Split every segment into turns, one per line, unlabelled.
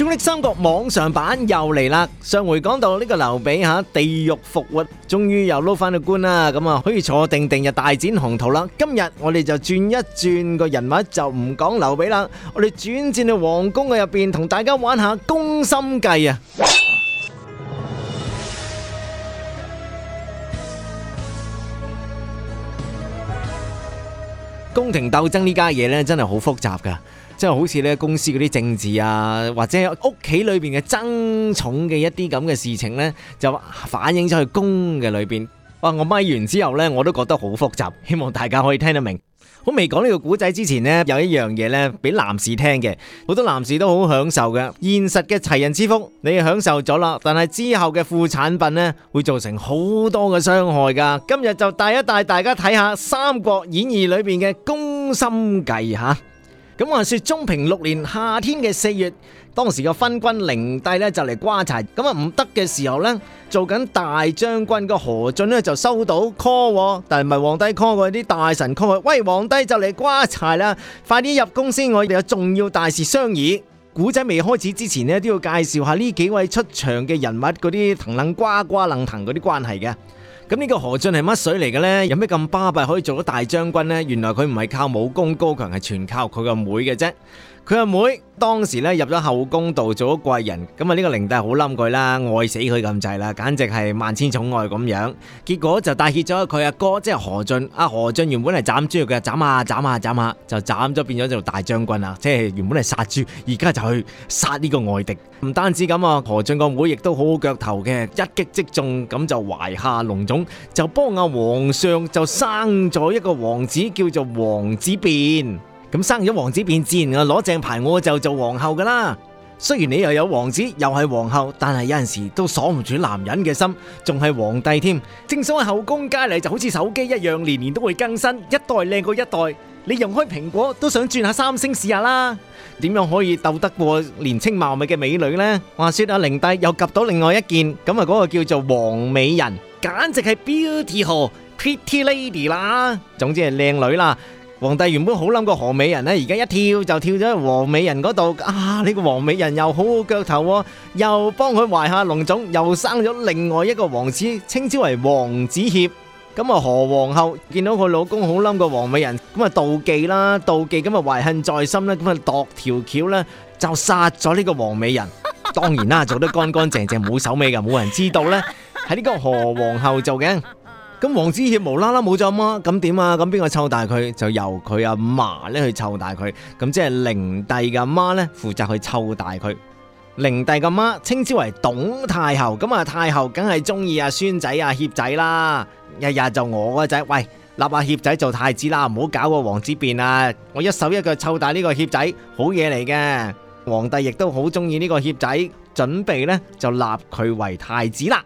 《朱古力三國》網上版又嚟啦！上回講到呢個劉備吓，地獄復活，終於又撈翻個官啦。咁啊，可以坐定定，又大展宏圖啦。今日我哋就轉一轉個人物，就唔講劉備啦。我哋轉戰去皇宮嘅入邊，同大家玩下宮心計啊！宮廷鬥爭呢家嘢呢，真係好複雜噶。即係好似呢公司嗰啲政治啊，或者屋企裏邊嘅爭寵嘅一啲咁嘅事情呢，就反映咗去宮嘅裏邊。哇！我咪完之後呢，我都覺得好複雜，希望大家可以聽得明。我未講呢個古仔之前呢，有一樣嘢呢，俾男士聽嘅，好多男士都好享受嘅。現實嘅齊人之福，你享受咗啦，但係之後嘅副產品呢，會造成好多嘅傷害㗎。今日就帶一帶大家睇下《三國演義》裏邊嘅宮心計吓。咁話說，中平六年夏天嘅四月，當時個昏君靈帝咧就嚟瓜柴咁啊，唔得嘅時候呢，做緊大將軍嘅何進呢就收到 call，但係唔係皇帝 call，係啲大臣 call，喂，皇帝就嚟瓜柴啦，快啲入宮先，我哋有重要大事商議。古仔未開始之前呢，都要介紹下呢幾位出場嘅人物嗰啲騰楞瓜瓜楞騰嗰啲關係嘅。咁呢個何進係乜水嚟嘅呢？有咩咁巴閉可以做到大將軍呢？原來佢唔係靠武功高強，係全靠佢個妹嘅啫。佢阿妹當時咧入咗後宮度做咗貴人，咁啊呢個靈帝好冧佢啦，愛死佢咁滯啦，簡直係萬千寵愛咁樣。結果就帶挈咗佢阿哥，即係何進。阿何進原本係斬豬肉嘅，斬下斬下斬下就斬咗，變咗做大將軍啦。即係原本係殺豬，而家就去殺呢個外敵。唔單止咁啊，何進個妹亦都好好腳頭嘅，一擊即中，咁就懷下龍種，就幫阿皇上就生咗一個王子，叫做王子辯。咁生咗王子便自然啊，攞正牌我就做皇后噶啦。雖然你又有王子又係皇后，但係有陣時都鎖唔住男人嘅心，仲係皇帝添。正所謂後宮佳麗就好似手機一樣，年年都會更新，一代靚過一代。你用開蘋果都想轉下三星試下啦。點樣可以鬥得過年青貌美嘅美女呢？話說阿靈帝又及到另外一件，咁啊嗰個叫做王美人，簡直係 beauty 和 pretty lady 啦。總之係靚女啦。皇帝原本好冧個何美人咧，而家一跳就跳咗去王美人嗰度。啊，呢、這個王美人又好腳頭，又幫佢懷下龍種，又生咗另外一個王子，稱之為王子協。咁啊，何皇后見到佢老公好冧個王美人，咁啊妒忌啦，妒忌咁啊懷恨在心啦，咁啊度條橋啦，就殺咗呢個王美人。當然啦，做得乾乾淨淨，冇手尾噶，冇人知道呢，係呢個何皇后做嘅。咁王子協無啦啦冇咗阿媽，咁點啊？咁邊個湊大佢？就由佢阿嫲咧去湊大佢。咁即係靈帝嘅阿媽咧，負責去湊大佢。靈帝嘅媽稱之為董太后。咁啊太后梗係中意阿孫仔阿協仔啦，日、哎、日就我個仔，喂立阿協仔做太子啦，唔好搞個王子變啊！我一手一腳湊大呢個協仔，好嘢嚟嘅。皇帝亦都好中意呢個協仔，準備咧就立佢為太子啦。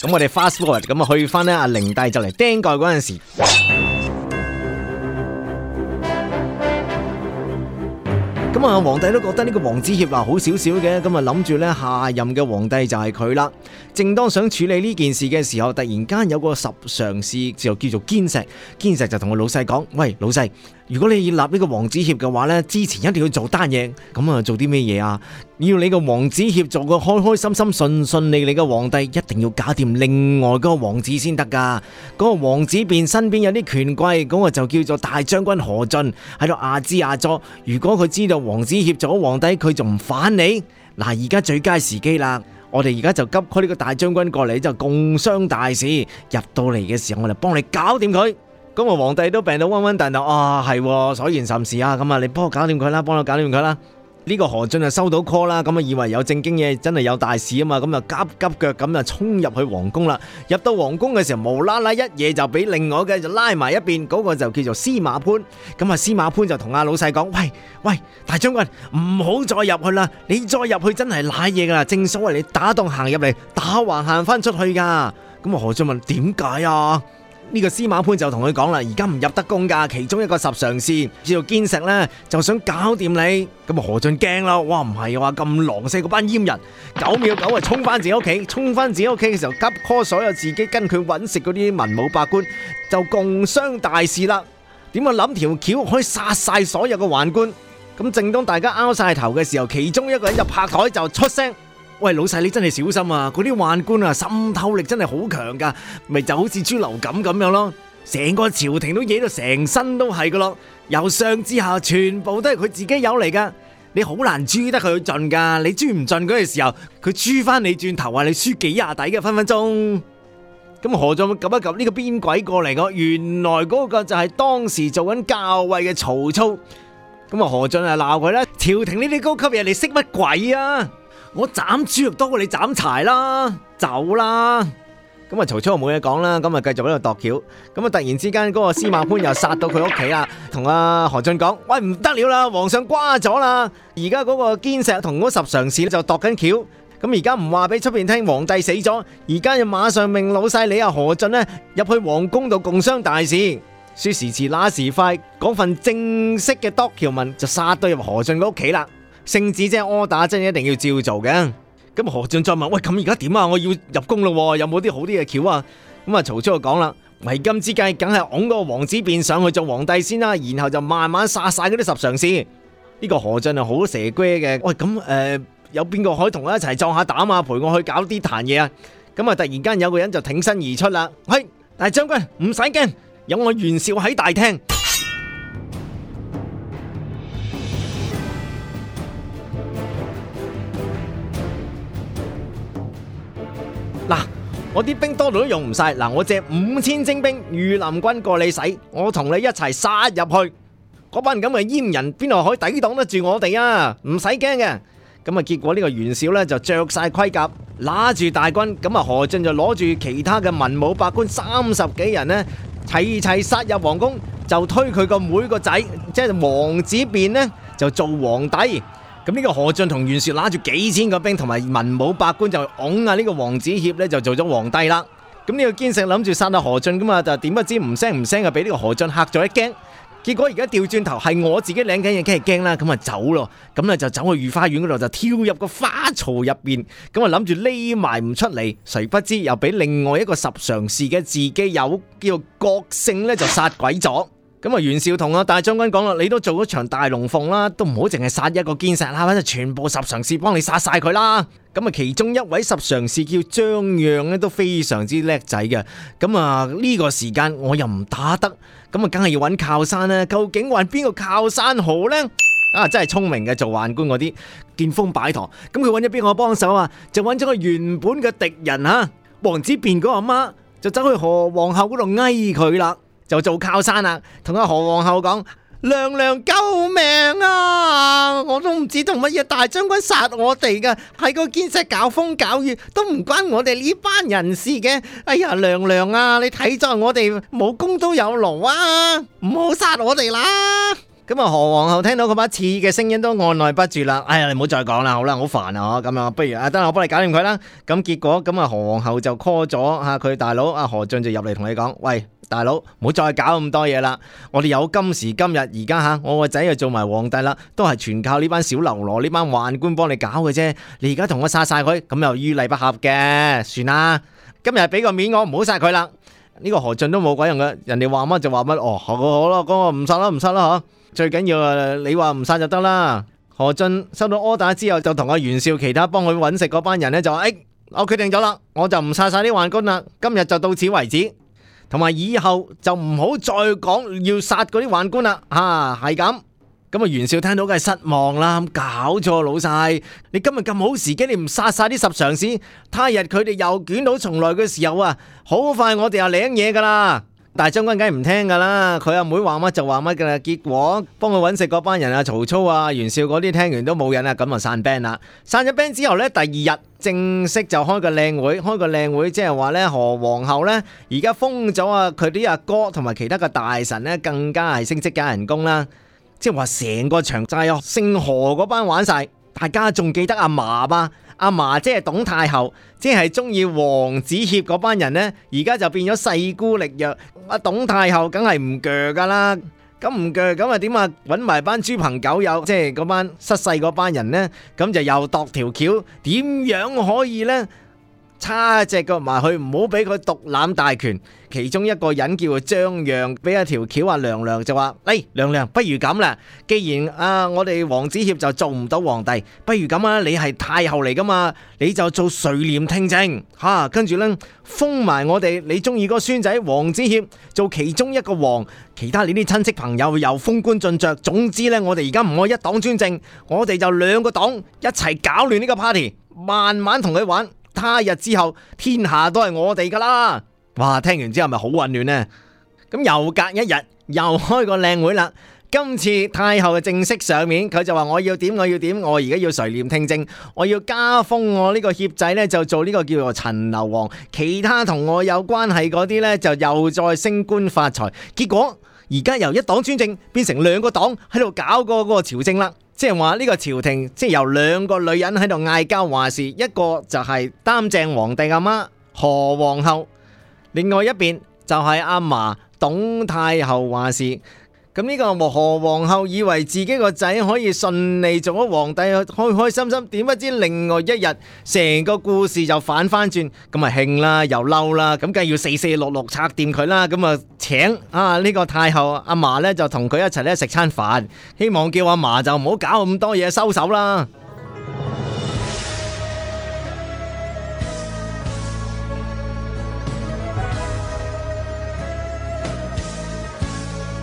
咁我哋 fast forward，咁啊去翻咧阿靈帝就嚟釘蓋嗰陣時，咁啊 皇帝都覺得呢個王子協話好少少嘅，咁啊諗住咧下任嘅皇帝就係佢啦。正當想處理呢件事嘅時候，突然間有個十常侍就叫做堅石，堅石就同個老細講，喂，老細。如果你要立呢個王子協嘅話呢，之前一定要做單嘢，咁啊做啲咩嘢啊？要你個王子協做個開開心心順順利利嘅皇帝，一定要搞掂另外嗰個王子先得噶。嗰個王子邊身邊有啲權貴，咁啊就叫做大將軍何進喺度阿支阿作，如果佢知道王子協做咗皇帝，佢仲唔反你？嗱，而家最佳時機啦，我哋而家就急開呢個大將軍過嚟就共商大事。入到嚟嘅時候，我哋幫你搞掂佢。咁啊！皇帝都病到瘟瘟燉燉啊！係喎，所言甚是啊！咁啊，你幫我搞掂佢啦，幫我搞掂佢啦！呢個何進就收到 call 啦，咁啊，以為有正經嘢，真係有大事啊嘛！咁啊，急急腳咁就衝入去皇宮啦！入到皇宮嘅時候，無啦啦一嘢就俾另外嘅就拉埋一邊，嗰個就叫做司馬潘。咁啊，司馬潘就同阿老細講：喂喂，大將軍唔好再入去啦！你再入去真係瀨嘢噶啦！正所謂你打戙行入嚟，打橫行翻出去噶。咁啊，何進問：點解啊？呢個司馬潘就同佢講啦，而家唔入得宮噶，其中一個十常侍叫做堅石呢，就想搞掂你。咁何進驚咯，哇，唔係話咁狼死嗰班閹人，九秒九係衝翻自己屋企，衝翻自己屋企嘅時候急 call 所有自己跟佢揾食嗰啲文武百官，就共商大事啦。點啊諗條橋可以殺晒所有嘅宦官？咁正當大家拗晒頭嘅時候，其中一個人就拍台就出聲。喂，老細你真係小心啊！嗰啲宦官啊，滲透力真係好強噶，咪就好似豬流感咁樣咯、啊，成個朝廷都惹到成身都係噶咯，由上至下全部都係佢自己有嚟噶，你好難追得佢盡噶，你追唔盡嗰個時候，佢追翻你轉頭你啊，話你輸幾廿底嘅分分鐘。咁何進 𥄫 一 𥄫 呢、呢個邊鬼過嚟嘅、啊？原來嗰個就係當時做緊校尉嘅曹操。咁啊何進啊鬧佢啦，朝廷呢啲高級嘢，你識乜鬼啊？我斬豬肉多過你斬柴啦，走啦！咁啊，曹操冇嘢講啦，咁啊繼續喺度度橋。咁啊，突然之間嗰個司馬潘又殺到佢屋企啦，同阿、啊、何俊講：喂，唔得了啦，皇上瓜咗啦！而家嗰個堅石同嗰十常侍咧就度緊橋。咁而家唔話俾出邊聽，皇帝死咗，而家就馬上命老細你阿何俊咧入去皇宮度共商大事。說時遲那時快，講份正式嘅度橋文就殺到入何俊嘅屋企啦。聖旨即係柯打，真係一定要照做嘅。咁何進再問：喂，咁而家點啊？我要入宮咯，有冇啲好啲嘅橋啊？咁、嗯、啊，曹操就講啦：為今之計，梗係拱個王子變上去做皇帝先啦，然後就慢慢殺晒嗰啲十常侍。呢、這個何進啊，好蛇龜嘅。喂，咁、嗯、誒、呃，有邊個可以同我一齊壯一下膽啊？陪我去搞啲彈嘢啊？咁、嗯、啊，突然間有個人就挺身而出啦。喂，大將軍，唔使驚，有我袁紹喺大廳。我啲兵多到都用唔晒，嗱，我借五千精兵御林軍過你使，我同你一齊殺入去，嗰班咁嘅閹人邊度可以抵擋得住我哋啊？唔使驚嘅，咁啊結果個呢個袁紹呢就着晒盔甲，拿住大軍，咁啊何進就攞住其他嘅文武百官三十幾人呢，齊齊殺入皇宮，就推佢個妹個仔，即係王子辯呢，就做皇帝。咁呢個何進同袁紹攞住幾千個兵，同埋文武百官就拱啊呢個王子協呢，就做咗皇帝啦。咁呢個蹇碩諗住殺阿何進，咁啊就點不知唔聲唔聲，就俾呢個何進嚇咗一驚。結果而家調轉頭，係我自己領緊嘢，驚係驚啦，咁啊走咯，咁咧就走去御花園嗰度就跳入個花槽入邊，咁啊諗住匿埋唔出嚟，誰不知又俾另外一個十常侍嘅自己有叫郭勝呢，就殺鬼咗。咁啊袁紹同啊大將軍講啦，你都做咗場大龍鳳啦，都唔好淨係殺一個堅石啦，就全部十常侍幫你殺晒佢啦。咁啊其中一位十常侍叫張讓咧都非常之叻仔嘅。咁啊呢個時間我又唔打得，咁啊梗係要揾靠山啦。究竟揾邊個靠山好呢？啊真係聰明嘅做宦官嗰啲見風擺舵。咁佢揾咗邊個幫手啊？就揾咗個原本嘅敵人啊。王子辯嗰個阿媽就走去何皇后嗰度呓佢啦。就做靠山啦，同阿何皇后講：娘娘救命啊！我都唔知同乜嘢大將軍殺我哋嘅，係個奸細搞風搞雨，都唔關我哋呢班人事嘅。哎呀，娘娘啊，你睇在我哋武功都有勞啊，唔好殺我哋啦。咁啊，何皇后聽到佢把刺嘅聲音都按捺不住啦，哎呀，你唔好再講啦，好啦，好煩啊，咁啊，不如啊，得啦，我幫你搞掂佢啦。咁結果咁啊，何皇后就 call 咗吓佢大佬，阿何進就入嚟同你講：喂，大佬，唔好再搞咁多嘢啦，我哋有今時今日，而家吓我個仔又做埋皇帝啦，都係全靠呢班小嘍囉，呢班宦官幫你搞嘅啫。你而家同我殺晒佢，咁又於理不合嘅，算啦，今日俾個面我，唔好殺佢啦。呢個何進都冇鬼用嘅，人哋話乜就話乜，哦，好咯，咁我唔殺啦，唔殺啦，嗬。最緊要啊！你話唔殺就得啦。何進收到 order 之後，就同阿袁紹其他幫佢揾食嗰班人咧，就話：誒，我決定咗啦，我就唔殺晒啲宦官啦。今日就到此為止，同埋以後就唔好再講要殺嗰啲宦官啦。吓，係咁。咁啊，袁紹聽到梗係失望啦。咁搞錯老細，你今日咁好時機，你唔殺晒啲十常侍，他日佢哋又捲土重來嘅時候啊，好快我哋又領嘢噶啦。但將軍梗係唔聽噶啦，佢阿妹話乜就話乜噶啦，結果幫佢搵食嗰班人啊，曹操啊、袁紹嗰啲，聽完都冇癮啊，咁就散兵啦。散咗兵之後呢，第二日正式就開個靚會，開個靚會，即係話呢，何皇后呢，而家封咗啊佢啲阿哥同埋其他嘅大臣呢，更加係升職加人工啦。即係話成個場就係姓何嗰班玩晒，大家仲記得阿嫲嗎？阿嫲即係董太后，即係中意王子協嗰班人呢，而家就變咗勢孤力弱。阿董太后梗係唔鋸噶啦，咁唔鋸咁啊，點啊揾埋班豬朋狗友，即係嗰班失勢嗰班人呢，咁就又度條橋，點樣可以呢？插隻腳埋去，唔好俾佢獨攬大權。其中一個人叫啊張揚，俾一條橋啊娘娘就話，哎，娘娘不如咁啦，既然啊我哋皇子協就做唔到皇帝，不如咁啦，你係太后嚟噶嘛，你就做垂簾聽政吓。跟、啊、住呢，封埋我哋你中意嗰個孫仔皇子協做其中一個王，其他你啲親戚朋友又封官進爵。總之呢，我哋而家唔愛一黨專政，我哋就兩個黨一齊搞亂呢個 party，慢慢同佢玩。他日之後，天下都係我哋噶啦！哇，聽完之後咪好混亂呢？咁又隔一日，又開個靚會啦。今次太后嘅正式上面，佢就話我要點，我要點，我而家要垂簾聽政，我要加封我呢個協仔呢，就做呢個叫做陳留王。其他同我有關係嗰啲呢，就又再升官發財。結果而家由一黨專政變成兩個黨喺度搞個嗰個朝政啦。即係話呢個朝廷，即係由兩個女人喺度嗌交話事，一個就係擔正皇帝阿媽何皇后，另外一邊就係阿嫲董太后話事。咁呢個何皇后以為自己個仔可以順利做咗皇帝，開開心心，點不知另外一日成個故事就反翻轉，咁咪興啦，又嬲啦，咁梗係要四四六六拆掂佢啦，咁啊請啊呢個太后阿嫲呢，就同佢一齊咧食餐飯，希望叫阿嫲就唔好搞咁多嘢，收手啦。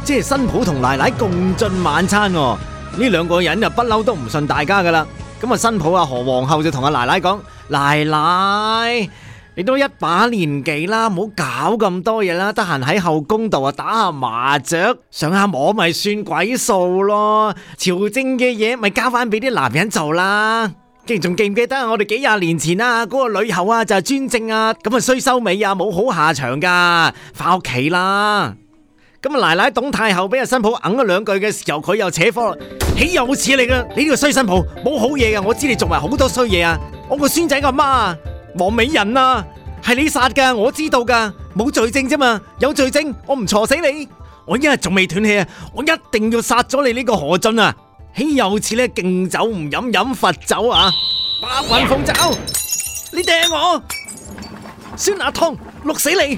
即係新抱同奶奶共進晚餐，呢兩個人就不嬲都唔信大家噶啦。咁啊，新抱啊何皇后就同阿奶奶講：奶奶，你都一把年紀啦，唔好搞咁多嘢啦。得閒喺後宮度啊打下麻雀、上下摸咪算鬼數咯。朝政嘅嘢咪交翻俾啲男人做啦。既然仲記唔記得我哋幾廿年前啊嗰個女后啊就係專政啊，咁啊衰收尾啊冇好下場噶，翻屋企啦。咁啊！奶奶董太后俾阿新抱硬咗兩句嘅時候，佢又扯科啦！豈有此理噶！你呢個衰新抱冇好嘢噶，我知你做埋好多衰嘢啊！我個孫仔個媽啊，王美人啊，係你殺噶，我知道噶，冇罪證啫嘛，有罪證我唔鋤死你！我依家一日仲未斷氣啊，我一定要殺咗你呢個何進啊！豈有此呢？敬酒唔飲飲罰酒啊！白雲鳳酒，你掟我酸辣湯，碌死你！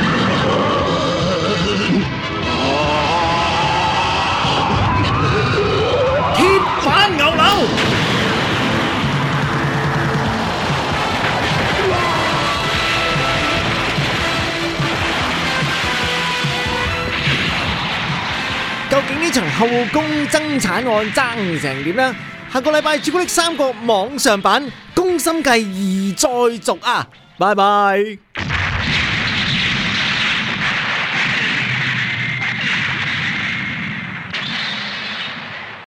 場後宮爭產案爭成點啦？下個禮拜《朱古力三國》網上版《宮心計》而再續啊！拜拜。